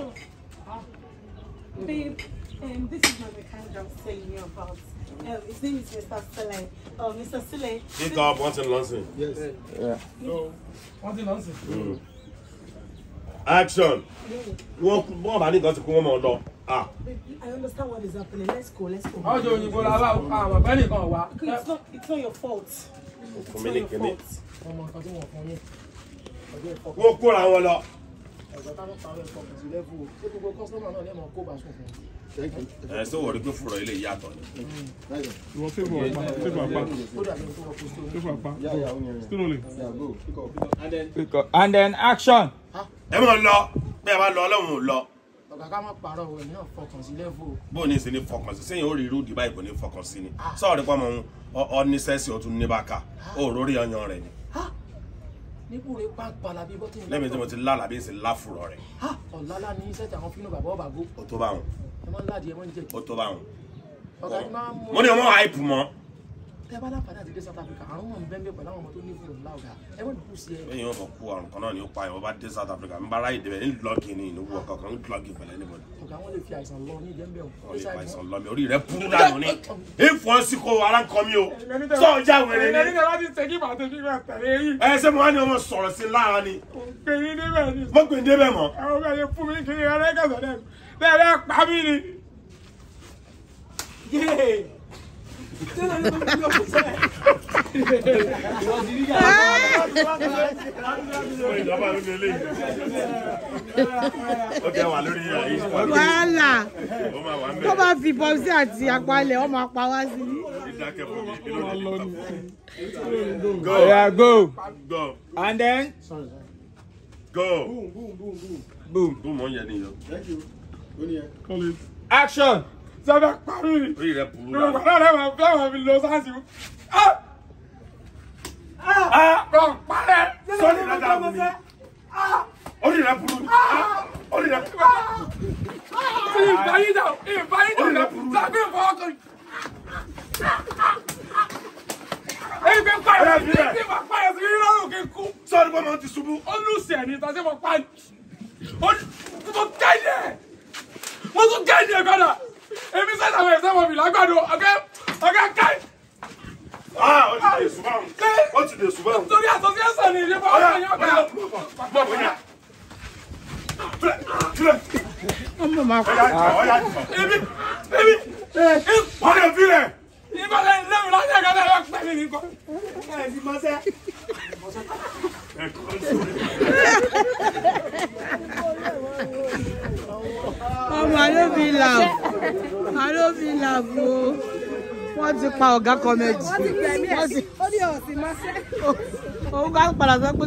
So, uh, babe, um, this is my mechanic kind I'm telling you about. Um, his name is Mr. Sule. Uh, um, Mr. Sule. He got once in London. Yes. Yeah. No. Once in London. Mm. Action. Wọ́n wọ́n bá ní nǹkan ti kú door. Ah. I understand what is happening. Let's go, let's go. How Ọjọ́ òyìnbó la wá àwọn àbẹ́ nìkan wá. It's not it's not your fault. It's not your fault. Wọ́n kóra wọn lọ ọ̀gá táwọn pàrọ̀ ẹ̀kọ́ kò sí lẹ́fù o wọ́n rí pé fúnra ilé yàtọ̀ ni. Mm. ìwọ fífọ still rolling. and then action. ẹ mọ̀ lọ bẹ́ẹ̀ bá lọ ọlọ́run lọ ọ̀gá ká má parọ́ òwe náà fọkàn sí lẹ́fù. bó o ní sí ní fọkàn sí sẹ́yìn ó rí irú dìbà ìbò ní fọkàn sí ni sọ̀rọ̀ nípa ọmọ òun ọ ní sẹ́sì ó tún ní bàkà ó rórí ọyàn rẹ̀ ni nígbòre pàápàá làbí bọ́tí. lẹ́mìí tí mo ti lá làbí ń sin láfùrọ̀ rẹ̀. ọ̀làlá ni iṣẹ́ tí àwọn fínú bàbá ọ̀bàgó. o tó bá wọn. ẹ máa ń láàdì ẹ máa ń jẹ. o tó bá wọn. ọ̀gá ni máa ń mú. mo ní ọmọ àìpù mọ́ tẹ́ bá láǹfààní àti dé South Africa àwọn ọmọ mi bẹ́ẹ̀ pẹ̀lú àwọn ọmọ tó ní fún òun láwùjá ẹ wọ́n dùkú sí ẹ. lẹ́yìn wọn kọ kú àrùn kan náà ni ó pa ẹ̀ wọ́n bá dé South Africa ń bára ìdẹ́bẹ̀ ń lọ́ọ̀kì ni ìnáwó ọkọ̀ kan ń lọ́ọ̀kì pẹ̀lú ẹni mọ́ni. ọ̀gá wọn lè fi àìsàn lọ ní ìdẹ́mbẹ̀ òun. wọ́n lè àìsàn lọ mi orí rẹ̀ burú dànù ni ìfọ̀nsí kò o sọ ọjà wẹrẹ ni. ẹni tẹ́lá ti ṣe ni. mo gbé mọ́ wàhálà tó bá fi bọ́ sí àti apalẹ̀ ọ máa pa wá sí. Go. Yeah, go. Go. And then. Sorry, sorry. Go. Boom, boom, boom, boom. Boom. Boom on your knee. Thank you. Action sábẹ́ parí ni ìrọ̀pàá rẹ̀ máa fẹ́ wọn fi lọ sáàsì mú. kò parẹ́ sọ́ni rẹ̀ mi ah! orí rẹ̀ burú ah! Ah! orí rẹ̀ burú mi. ìbáyídà ìbáyídà rẹ̀ tàbí ìfọwọ́tò yìí. Ebi pààyàn sí ibi ma pààyàn sí irọ́ òkè kú. Sọ́ọ́ni bọ́ ti ṣubú. Olùsí ẹ̀ ní ìtàsí mo pa. Mo tún Mo tún gẹ́ni ẹ̀ àwọn ẹ̀sẹ̀ wọn fìlà gbàdo ọ̀gá ọ̀gá káì. ó ti dè sùn báwọn ó ti dè sùn báwọn. torí association ni ìdíbò ọ̀gá yóò gbà. bọ́ bóyá ọmọ máa kọ́ ọ̀yá ibi ibi wọ́n lè fi rẹ̀. ìbálẹ̀ lẹ́yìn lómi làbò wọ́n ti pa ọ̀gá kọ́mẹ́jì. wọ́n ti pẹ̀lú ẹ̀ ó ní ọ̀sìn mọ́sẹ́. òun ká padà sọ pé.